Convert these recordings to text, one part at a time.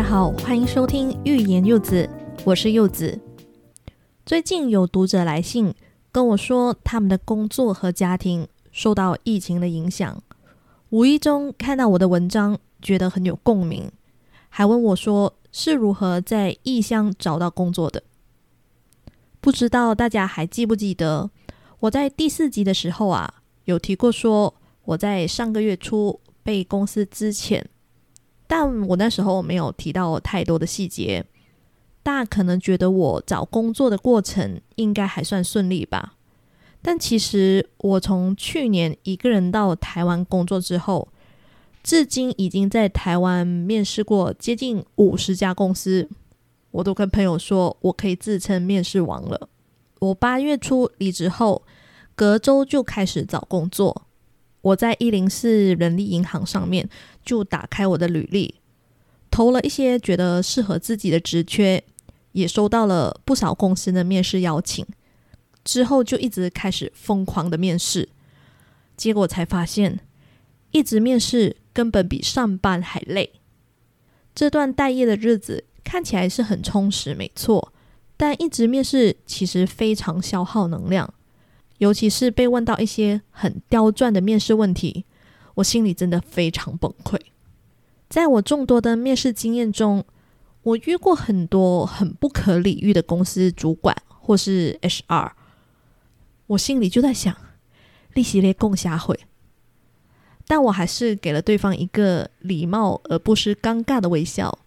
大家好，歡迎收聽《欲言柚止》，我是柚子。最近有讀者來信跟我說，他們的工作和家庭受到疫情的影響，無意中看到我的文章，覺得很有共鳴，還問我說是如何在異鄉找到工作的。不知道大家還記不記得，我在第四集的時候啊，有提過說，我在上個月初被公司資遣。但我那時候沒有提到太多的細節，大家可能覺得我找工作的過程應該還算順利吧。但其實我從去年一個人到台灣工作之後，至今已經在台灣面試過接近五十家公司，我都跟朋友說我可以自稱面試王了。我八月初離職後，隔周就開始找工作。我在一零四人力銀行上面就打開我的履歷，投了一些覺得適合自己的職缺，也收到了不少公司的面試邀請。之後就一直開始瘋狂的面試，結果才發現，一直面試根本比上班還累。這段待業的日子看起來是很充實，沒錯，但一直面試其實非常消耗能量。尤其是被問到一些很刁鑽的面試問題，我心裡真的非常崩潰。在我眾多的面試經驗中，我遇過很多很不可理喻的公司主管或是 HR，我心裡就在想，你係咧共蝦會。但我還是給了對方一個禮貌而不失尷尬的微笑，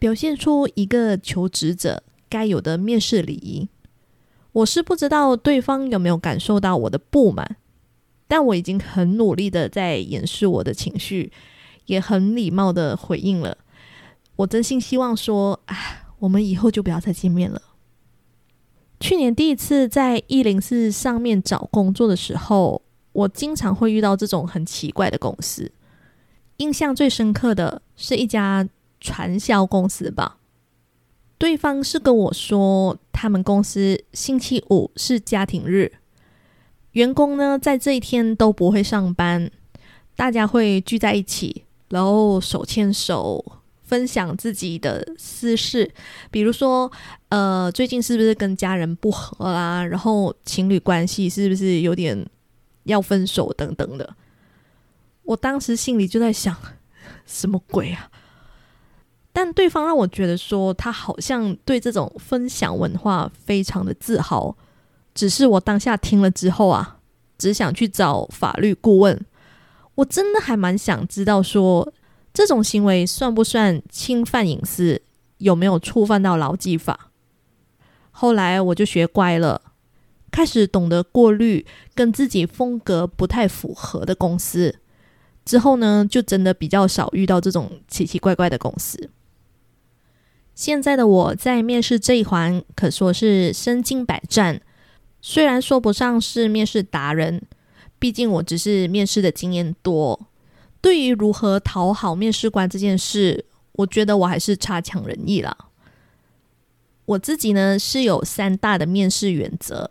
表現出一個求職者該有的面試禮儀。我是不知道對方有沒有感受到我的不滿，但我已經很努力的在掩飾我的情緒，也很禮貌的回應了。我真心希望說，啊，我們以後就不要再見面了。去年第一次在一零四上面找工作的時候，我經常會遇到這種很奇怪的公司。印象最深刻的是一家傳銷公司吧。對方是跟我說，他們公司星期五是家庭日，員工呢，在這一天都不會上班，大家會聚在一起，然後手牽手分享自己的私事，比如說，呃，最近是不是跟家人不和啦，啊，然後情侶關係是不是有點要分手等等的。我當時心裡就在想，什麼鬼啊？但對方讓我覺得說，他好像對這種分享文化非常的自豪。只是我當下聽了之後啊，只想去找法律顧問。我真的還蠻想知道說，這種行為算不算侵犯隱私？有沒有觸犯到勞基法？後來我就學乖了，開始懂得過濾跟自己風格不太符合的公司。之後呢，就真的比較少遇到這種奇奇怪怪的公司。現在的我在面試這一環可說是身經百戰，雖然說不上是面試達人，畢竟我只是面試的經驗多。對於如何討好面試官這件事，我覺得我還是差強人意了。我自己呢，是有三大的面試原則：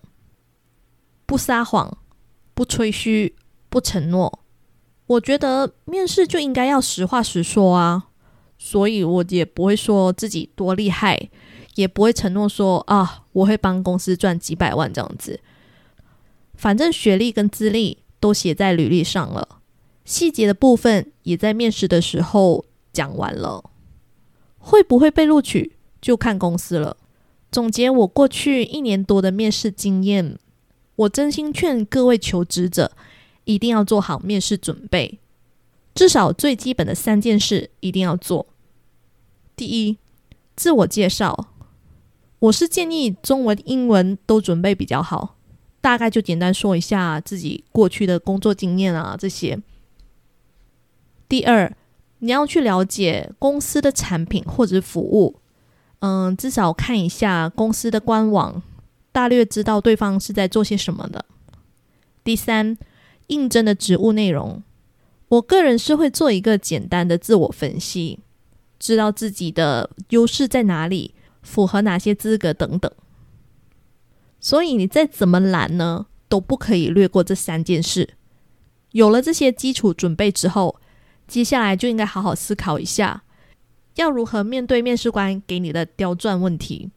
不撒謊、不吹噓、不承諾。我覺得面試就應該要實話實說啊。所以我也不會說自己多厲害，也不會承諾說啊，我會幫公司賺幾百萬這樣子。反正學歷跟資歷都寫在履歷上了，細節的部分也在面試的時候講完了。會不會被錄取就看公司了。總結我過去一年多的面試經驗，我真心勸各位求職者一定要做好面試準備，至少最基本的三件事一定要做。第一，自我介紹，我是建議中文、英文都準備比較好，大概就簡單說一下自己過去的工作經驗啊這些。第二，你要去了解公司的產品或者服務，嗯，至少看一下公司的官網，大略知道對方是在做些什麼的。第三，應徵的職務內容，我個人是會做一個簡單的自我分析。知道自己的優勢在哪裡，符合哪些資格等等，所以你再怎麼懶呢，都不可以略過這三件事。有了這些基礎準備之後，接下來就應該好好思考一下，要如何面對面試官給你的刁鑽問題。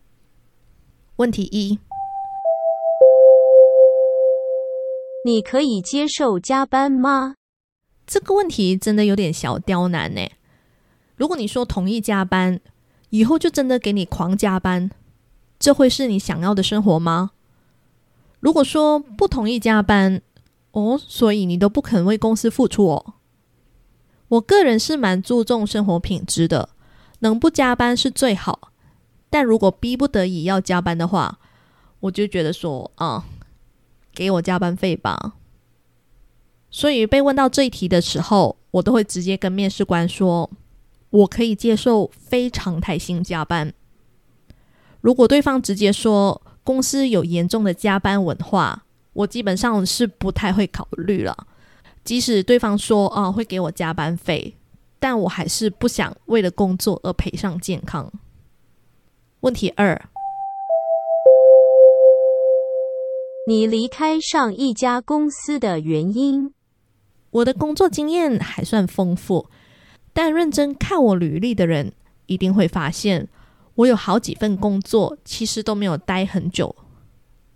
問題一：你可以接受加班嗎？這個問題真的有點小刁難呢，欸。如果你說同意加班，以後就真的給你狂加班，這會是你想要的生活嗎？如果說不同意加班，哦，所以你都不肯為公司付出哦。我個人是蠻注重生活品質的，能不加班是最好。但如果逼不得已要加班的話，我就覺得說啊，給我加班費吧。所以被問到這一題的時候，我都會直接跟面試官說。我可以接受非常態性加班。如果對方直接說公司有嚴重的加班文化，我基本上是不太會考慮了。即使對方說啊，會給我加班費，但我還是不想為了工作而賠上健康。問題二：你離開上一家公司的原因？我的工作經驗還算豐富。但認真看我履歷的人一定會發現，我有好幾份工作其實都沒有待很久，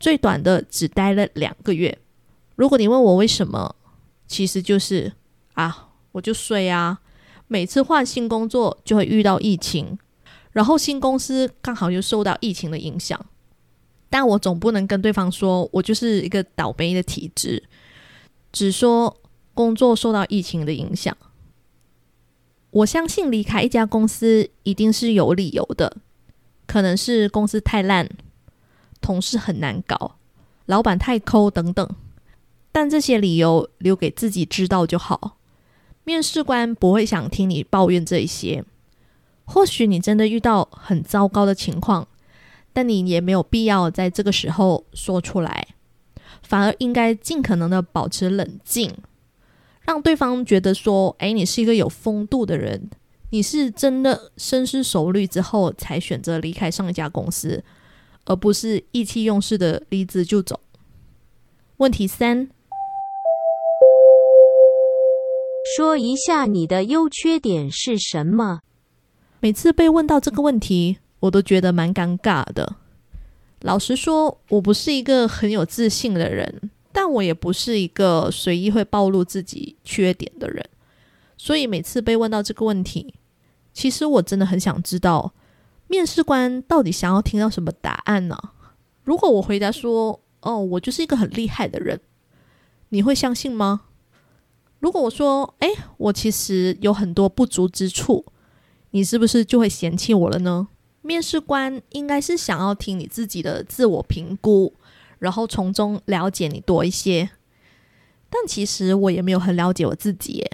最短的只待了兩個月。如果你問我為什麼，其實就是啊，我就睡啊。每次換新工作就會遇到疫情，然後新公司剛好又受到疫情的影響。但我總不能跟對方說我就是一個倒霉的體質，只說工作受到疫情的影響。我相信離開一家公司一定是有理由的，可能是公司太爛，同事很難搞，老闆太摳等等。但這些理由留給自己知道就好，面試官不會想聽你抱怨這一些。或許你真的遇到很糟糕的情況，但你也沒有必要在這個時候說出來，反而應該盡可能的保持冷靜。讓對方覺得說：“哎，你是一個有風度的人，你是真的深思熟慮之後才選擇離開上一家公司，而不是意氣用事的離職就走。”問題三：說一下你的優缺點是什麼？每次被問到這個問題，我都覺得蠻尷尬的。老實說，我不是一個很有自信的人。但我也不是一個隨意會暴露自己缺點的人，所以每次被問到這個問題，其實我真的很想知道，面試官到底想要聽到什麼答案呢啊？如果我回答說：“哦，我就是一個很厲害的人”，你會相信嗎？如果我說：“誒，我其實有很多不足之處”，你是不是就會嫌棄我了呢？面試官應該是想要聽你自己的自我評估。然後從中了解你多一些，但其實我也沒有很了解我自己。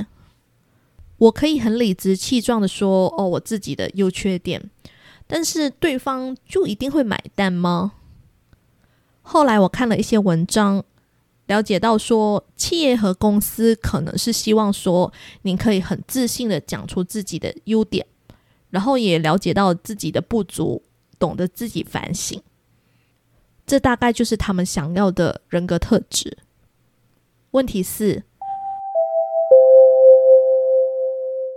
我可以很理直氣壯的說，哦，我自己的優缺點，但是對方就一定會買單嗎？後來我看了一些文章，了解到說，企業和公司可能是希望說，您可以很自信的講出自己的優點，然後也了解到自己的不足，懂得自己反省。這大概就是他們想要的人格特質。問題四：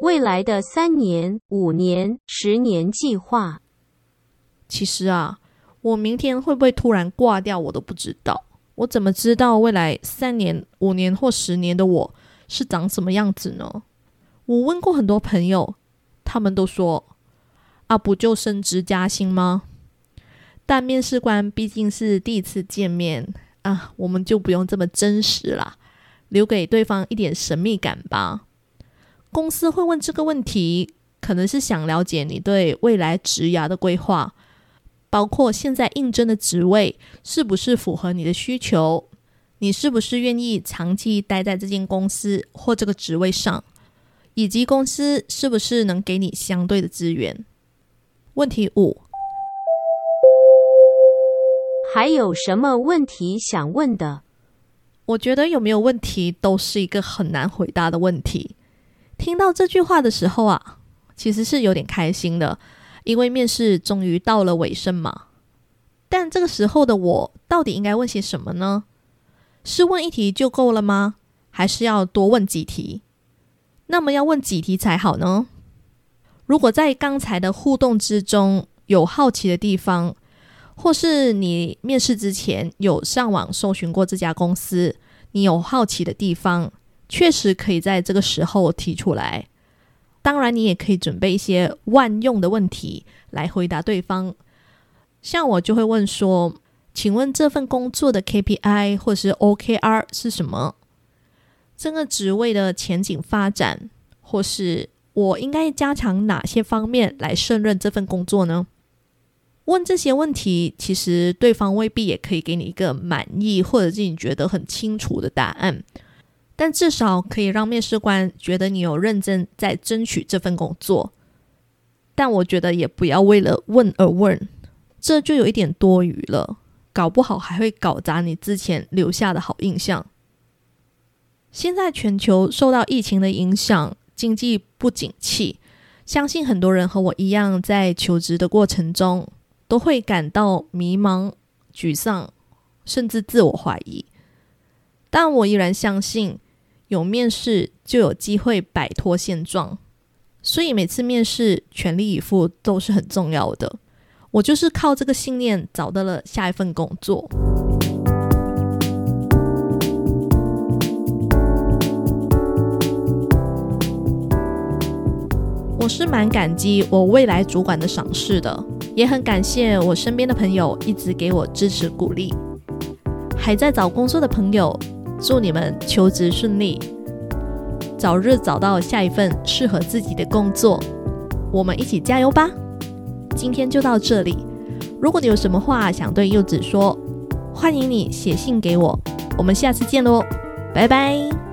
未來的三年、五年、十年計劃。其實啊，我明天會不會突然掛掉，我都不知道。我怎麼知道未來三年、五年或十年的我是長什麼樣子呢？我問過很多朋友，他們都說：“啊，不就升職加薪嗎？”但面試官畢竟是第一次見面啊，我們就不用這麼真實了，留給對方一點神秘感吧。公司會問這個問題，可能是想了解你對未來職涯的規劃，包括現在應徵的職位是不是符合你的需求，你是不是願意長期待在這間公司或這個職位上，以及公司是不是能給你相對的資源。問題五。還有什麼問題想問的？我覺得有沒有問題都是一個很難回答的問題。聽到這句話的時候啊，其實是有點開心的，因為面試終於到了尾聲嘛。但這個時候的我，到底應該問些什麼呢？是問一題就夠了嗎？還是要多問幾題？那麼要問幾題才好呢？如果在剛才的互動之中有好奇的地方，或是你面試之前有上網搜尋過這家公司，你有好奇的地方，確實可以在這個時候提出來。當然，你也可以準備一些萬用的問題來回答對方。像我就會問說：“請問這份工作的 KPI 或是 OKR 是什麼？這個職位的前景發展，或是我應該加強哪些方面來勝任這份工作呢？”問這些問題，其實對方未必也可以給你一個滿意或者是你覺得很清楚的答案，但至少可以讓面試官覺得你有認真在爭取這份工作。但我覺得也不要為了問而問，這就有一點多餘了，搞不好還會搞砸你之前留下的好印象。現在全球受到疫情的影響，經濟不景氣，相信很多人和我一樣在求職的過程中。都會感到迷茫、沮喪，甚至自我懷疑。但我依然相信，有面試就有機會擺脫現狀，所以每次面試全力以赴都是很重要的。我就是靠這個信念找到了下一份工作。我是蠻感激我未來主管的賞識的。也很感謝我身邊的朋友一直給我支持鼓勵，還在找工作的朋友，祝你們求職順利，早日找到下一份適合自己的工作，我們一起加油吧！今天就到這裡，如果你有什麼話想對柚子說，歡迎你寫信給我，我們下次見嘍，拜拜。